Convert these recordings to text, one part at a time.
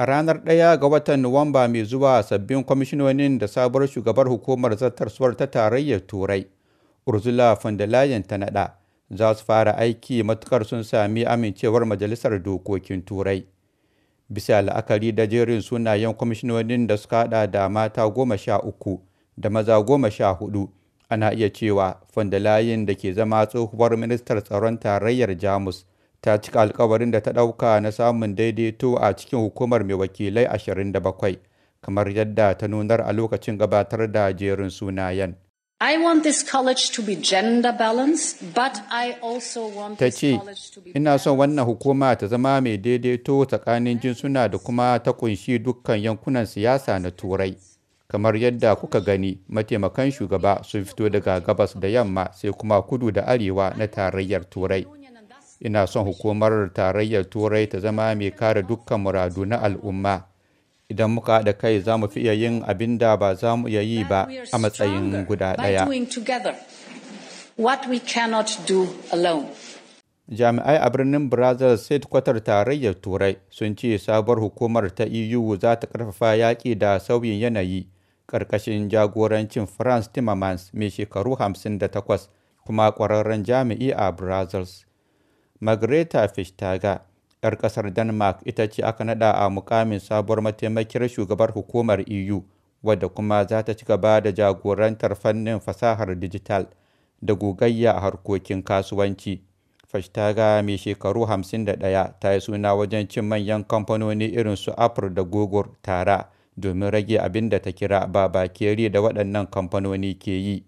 A ranar ɗaya ga watan Nuwamba mai zuwa sabbin kwamishinonin da sabuwar shugabar hukumar zartarsuwar ta tarayyar Turai, Ursula von der Leyen ta naɗa, za su fara aiki matukar sun sami amincewar Majalisar Dokokin Turai. Bisa la'akari da jerin sunayen kwamishinonin da suka haɗa da mata goma sha uku da maza goma sha hudu, ana iya cewa von der Leyen da ke zama tsohuwar ministar tsaron tarayyar Jamus ta cika alkawarin da ta ɗauka na samun daidaito a cikin hukumar mai wakilai 27 kamar yadda ta nunar a lokacin gabatar da jerin sunayen. I want this college to be gender balanced, but I also want ta ce, Ina son wannan hukuma ta zama mai daidaito tsakanin jinsuna da kuma ta kunshi dukkan yankunan siyasa na Turai. Kamar yadda kuka gani, mataimakan shugaba sun fito daga gabas da yamma sai kuma kudu da arewa na tarayyar Turai. ina son hukumar tarayyar turai ta zama mai kare dukkan muradu na al'umma idan muka haɗa kai za mu fi iya yin abin da ba za mu iya yi ba a matsayin guda ɗaya jami'ai a birnin brazil state kwatar tarayyar turai sun ce sabuwar hukumar ta eu za ta karfafa yaƙi da sauyin yanayi ƙarƙashin jagorancin france timmermans mai shekaru 58 kuma ƙwararren jami'i a brazil Margareta Vestager 'yar ƙasar Denmark ita ce aka naɗa a mukamin sabuwar mataimakiyar shugabar Hukumar EU, wadda kuma za ta ci gaba da jagorantar fannin fasahar dijital da gogayya a harkokin kasuwanci. fashtaga mai shekaru 51 ta yi suna wajen cin manyan kamfanoni irin su Apple da Google tara domin rage abin da ta kira ba babakere da waɗannan kamfanoni ke yi.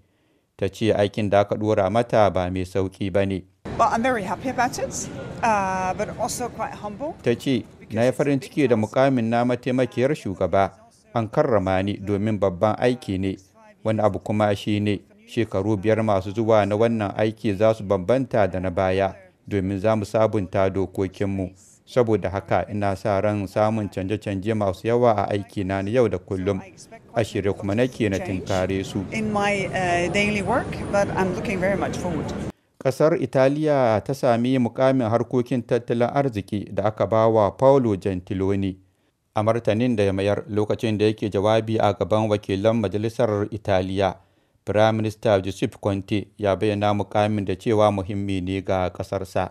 Ta ce aikin da aka ɗora mata ba mai sauƙi ba ne. Uh, Ta ce, na yi farin ciki da mukamin na mataimakiyar shugaba, an karrama ni domin babban aiki ne, wani abu kuma shi ne shekaru biyar masu zuwa na wannan aiki za su bambanta da na baya domin za mu sabunta dokokinmu. Saboda haka ina sa ran samun canje-canje masu yawa a aikina na yau da kullum, a shirye kuma nake na tinkare su. Uh, Ƙasar Italiya ta sami mukamin harkokin tattalin arziki da aka ba wa Paolo Gentiloni a martanin da ya mayar lokacin da yake jawabi a gaban wakilan Majalisar Italiya. prime minister Giuseppe Conte ya bayyana mukamin da cewa muhimmi ne ga ƙasarsa.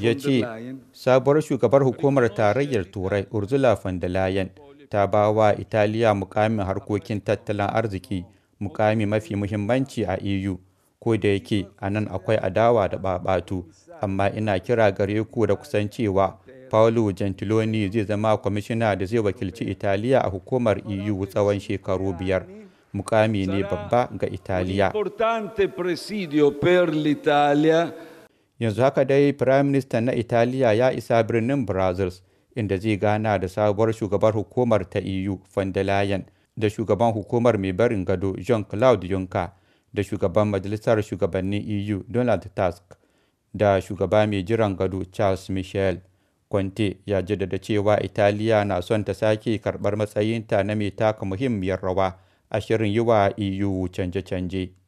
ya ce sabuwar shugabar hukumar tarayyar turai ursula von der leyen ta ba wa italiya mukamin harkokin tattalin arziki mukami mafi muhimmanci a EU. Ko da yake a nan akwai adawa da babatu, amma ina kira gare ku da kusancewa Paolo Gentiloni zai zama kwamishina da zai wakilci Italiya a hukumar EU tsawon shekaru biyar. Mukami ne babba ga Italiya. Yanzu haka dai Prime Minister na Italiya ya isa birnin Brazil, inda zai gana da sabuwar shugabar hukumar ta EU, von da shugaban hukumar mai barin gado jean claude juncker da shugaban majalisar shugabannin eu donald tusk da shugaba mai jiran gado charles michel conte ya jaddada cewa italiya na son ta sake karbar matsayinta na mai taka muhimmiyar rawa a shirin yi wa eu canje-canje